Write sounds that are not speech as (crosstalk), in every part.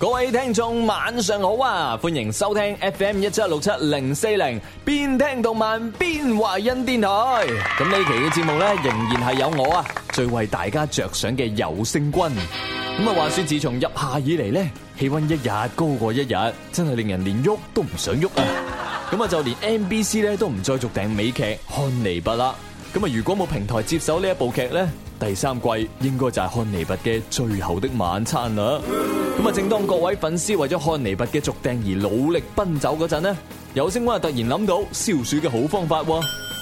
各位聽眾晚上好啊，歡迎收聽 FM 一七六七零四零邊聽動漫邊華欣電台。咁呢期嘅節目咧，仍然係有我啊，最為大家着想嘅有聲君。咁啊，話說自從入夏以嚟咧，氣溫一日高過一日，真係令人連喐都唔想喐啊。咁啊，就連 NBC 咧都唔再續訂美劇《漢尼拔》啦。咁啊，如果冇平台接手呢一部劇咧？第三季應該就係漢尼拔嘅最後的晚餐啦。咁啊，正當各位粉絲為咗漢尼拔嘅續訂而努力奔走嗰陣呢，有聲哥突然諗到消暑嘅好方法，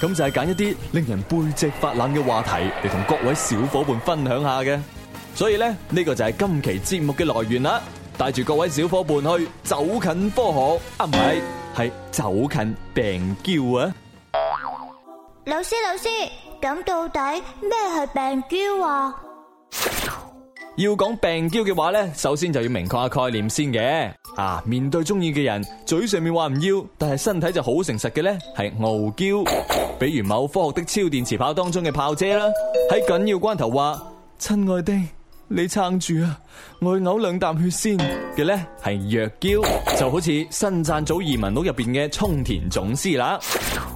咁就係揀一啲令人背脊發冷嘅話題嚟，同各位小伙伴分享下嘅。所以咧，呢個就係今期節目嘅來源啦，帶住各位小伙伴去走近科學啊，唔係，係走近病嬌啊。老師，老師。咁到底咩係病嬌啊？要講病嬌嘅話咧，首先就要明確下概念先嘅。啊，面對中意嘅人，嘴上面話唔要，但係身體就好誠實嘅咧，係傲嬌。比如某科學的超電磁炮當中嘅炮姐啦，喺緊要關頭話親愛的。你撐住啊！我嘔兩啖血先嘅咧，係弱嬌就好似新讚祖移民屋入邊嘅沖田總司啦。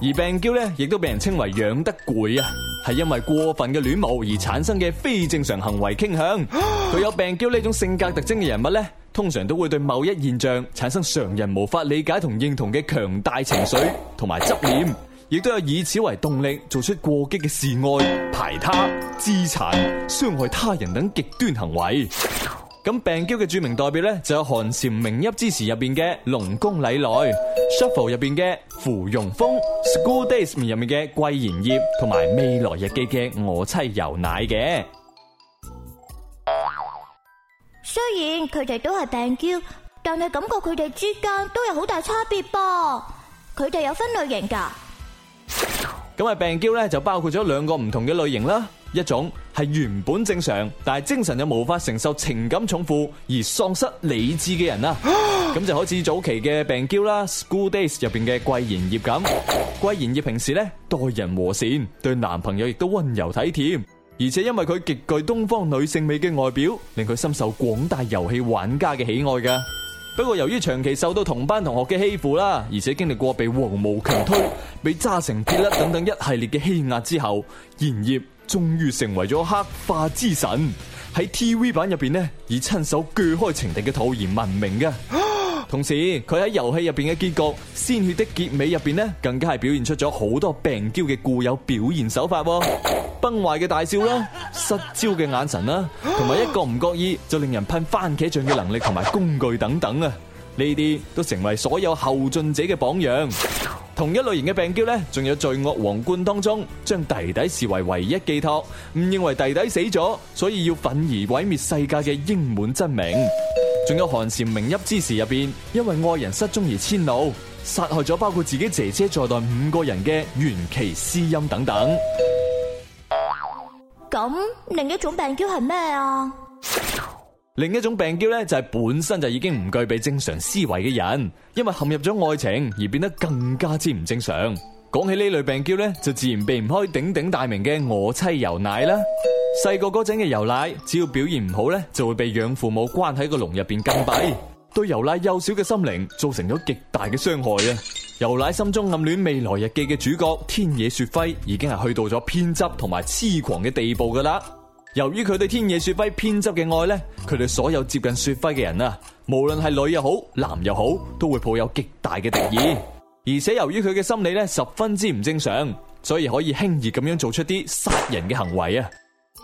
而病嬌咧，亦都被人稱為養得攰啊，係因為過分嘅戀慕而產生嘅非正常行為傾向。佢有病嬌呢種性格特徵嘅人物咧，通常都會對某一現象產生常人無法理解同認同嘅強大情緒同埋執念。亦都有以此為動力，做出過激嘅示愛、排他、自殘、傷害他人等極端行為。咁病嬌嘅著名代表咧，就有韓名支持《寒蟬鳴泣之時》入邊嘅龍宮禮奈，《shuffle》入邊嘅芙蓉楓，《 (noise) School Days》入面嘅桂言葉，同埋《未來日記》嘅我妻由乃嘅。雖然佢哋都係病嬌，但係感覺佢哋之間都有好大差別噃。佢哋有分類型㗎。咁啊，病嬌咧就包括咗兩個唔同嘅類型啦。一種係原本正常，但係精神又無法承受情感重負而喪失理智嘅人啦。咁 (coughs) 就好似早期嘅病嬌啦，School Days 入邊嘅桂言葉咁。桂言葉平時咧待人和善，對男朋友亦都温柔體貼，而且因為佢極具東方女性美嘅外表，令佢深受廣大遊戲玩家嘅喜愛㗎。不過由於長期受到同班同學嘅欺負啦，而且經歷過被黃毛強推、被紮成鐵粒等等一系列嘅欺壓之後，言葉終於成為咗黑化之神。喺 TV 版入邊呢，以親手鋸開情敵嘅肚而聞名嘅。同時，佢喺遊戲入邊嘅結局《鮮血的結尾》入邊呢，更加係表現出咗好多病嬌嘅固有表現手法。崩壞嘅大笑啦，失焦嘅眼神啦，同埋一個唔覺意就令人噴番茄醬嘅能力同埋工具等等啊，呢啲都成為所有後進者嘅榜樣。同一類型嘅病嬌呢，仲有罪惡皇冠當中將弟弟視為唯一寄託，唔認為弟弟死咗，所以要憤而毀滅世界嘅櫻滿真名，仲有寒蟬鳴泣之時入邊，因為愛人失蹤而遷怒，殺害咗包括自己姐姐在內五個人嘅元崎詩音等等。咁另一種病嬌係咩啊？另一種病嬌咧就係本身就已經唔具備正常思維嘅人，因為陷入咗愛情而變得更加之唔正常。講起呢類病嬌咧，就自然避唔開鼎鼎大名嘅我妻由乃啦。細個嗰陣嘅由乃，只要表現唔好咧，就會被養父母關喺個籠入邊禁閉，對由乃幼小嘅心靈造成咗極大嘅傷害啊！由乃心中暗戀未來日記嘅主角天野雪輝，已經係去到咗偏執同埋痴狂嘅地步噶啦。由於佢對天野雪輝偏執嘅愛咧，佢對所有接近雪輝嘅人啊，無論係女又好，男又好，都會抱有極大嘅敵意。而且由於佢嘅心理咧十分之唔正常，所以可以輕易咁樣做出啲殺人嘅行為啊！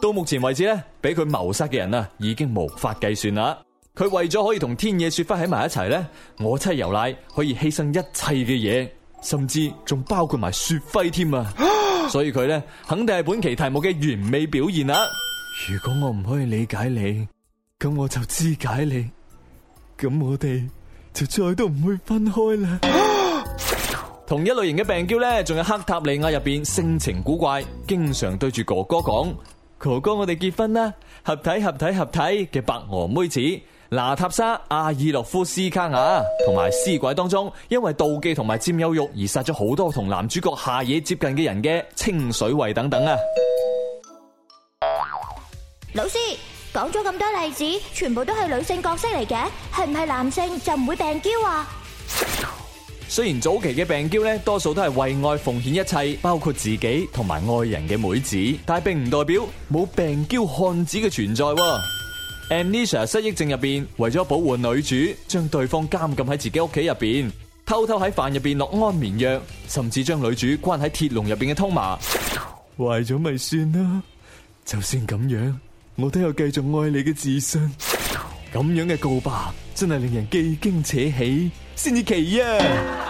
到目前為止咧，俾佢謀殺嘅人啊，已經無法計算啦。佢為咗可以同天野雪輝喺埋一齊咧，我妻由乃可以犧牲一切嘅嘢，甚至仲包括埋雪輝添啊！ (laughs) 所以佢咧肯定係本期題目嘅完美表現啦。如果我唔可以理解你，咁我就肢解你，咁我哋就再都唔會分開啦。 (laughs) 同一類型嘅病嬌咧，仲有黑塔利亞入邊性情古怪，經常對住哥哥講：哥哥，我哋結婚啦！合體合體合體嘅白鵝妹子。娜塔莎、阿爾洛夫斯卡婭同埋屍鬼當中，因為妒忌同埋佔有欲而殺咗好多同男主角夏野接近嘅人嘅清水惠等等啊！老師講咗咁多例子，全部都係女性角色嚟嘅，係唔係男性就唔會病嬌啊？雖然早期嘅病嬌咧，多數都係為愛奉獻一切，包括自己同埋愛人嘅妹子，但係並唔代表冇病嬌漢子嘅存在。Amnesia 失憶症入邊，為咗保護女主，將對方監禁喺自己屋企入邊，偷偷喺飯入邊落安眠藥，甚至將女主關喺鐵籠入邊嘅湯麻壞咗咪算啦。就算咁樣，我都有繼續愛你嘅自信。咁樣嘅告白，真係令人既驚且喜，先至奇啊！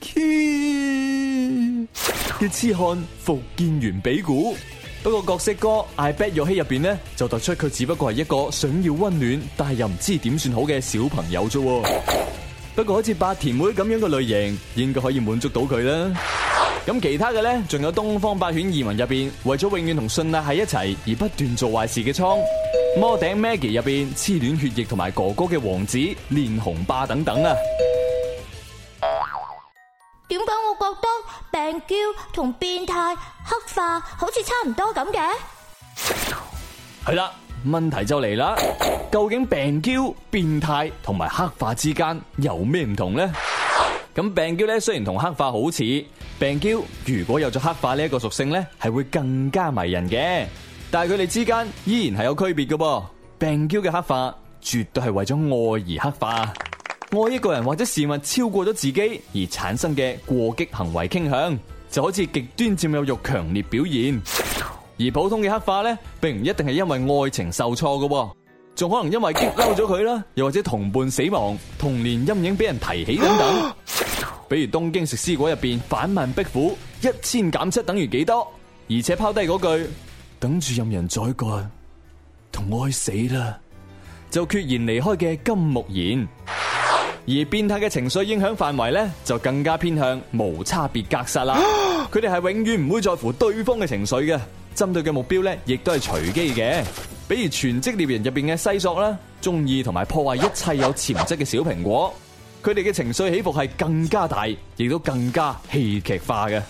嘅痴漢伏見猿比古，不過角色歌《愛壁若希》入邊呢，就突出佢只不過係一個想要溫暖但係又唔知點算好嘅小朋友啫。 (coughs) 不過好似八田妹咁樣嘅類型，應該可以滿足到佢啦。咁其他嘅呢，仲有《東方八犬異聞》入邊為咗永遠同信乃喺一齊而不斷做壞事嘅倉魔笛 Maggie 入邊痴戀血液同埋哥哥嘅王子練紅霸等等啊！嬌同變態黑化好似差唔多咁嘅，係啦，問題就嚟啦，究竟病嬌、變態同埋黑化之間有咩唔同咧？咁病嬌咧雖然同黑化好似，病嬌如果有咗黑化呢一個屬性咧，係會更加迷人嘅，但係佢哋之間依然係有區別嘅噃。病嬌嘅黑化絕對係為咗愛而黑化。愛一個人或者事物超過咗自己而產生嘅過激行為傾向，就好似極端佔有欲強烈表現；而普通嘅黑化咧，並唔一定係因為愛情受挫噶，仲可能因為激嬲咗佢啦，又或者同伴死亡、童年陰影俾人提起等等。比如《東京食屍鬼》入邊，反問壁虎，一千減七等於幾多？而且拋低嗰句，等住任人宰割同愛死啦，就決然離開嘅金木研。而變態嘅情緒影響範圍咧，就更加偏向無差別格殺啦。佢哋係永遠唔會在乎對方嘅情緒嘅，針對嘅目標咧，亦都係隨機嘅。比如全職獵人入邊嘅西索啦，中意同埋破壞一切有潛質嘅小蘋果。佢哋嘅情緒起伏係更加大，亦都更加戲劇化嘅。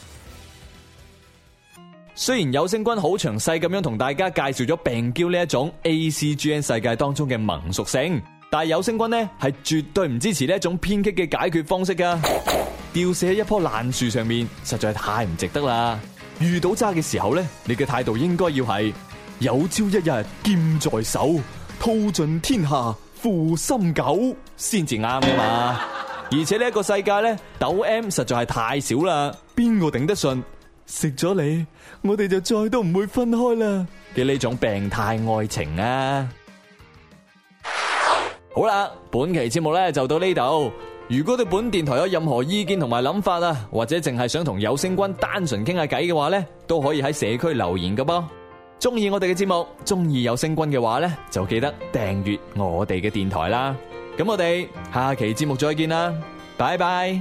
雖然有聲君好詳細咁樣同大家介紹咗病嬌呢一種 ACGN 世界當中嘅萌屬性。但係有星君呢，係絕對唔支持呢一種偏激嘅解決方式噶，吊死喺一棵爛樹上面，實在太唔值得啦。遇到渣嘅時候呢，你嘅態度應該要係有朝一日劍在手，屠盡天下負心狗，先至啱噶嘛。而且呢一個世界呢，抖 M 實在係太少啦，邊個頂得順？食咗你，我哋就再都唔會分開啦嘅呢種病態愛情啊！好啦，本期節目咧就到呢度。如果對本電台有任何意見同埋諗法啊，或者淨係想同有聲君單純傾下偈嘅話咧，都可以喺社區留言㗎噃。中意我哋嘅節目，中意有聲君嘅話咧，就記得訂閱我哋嘅電台啦。咁我哋下期節目再見啦，拜拜。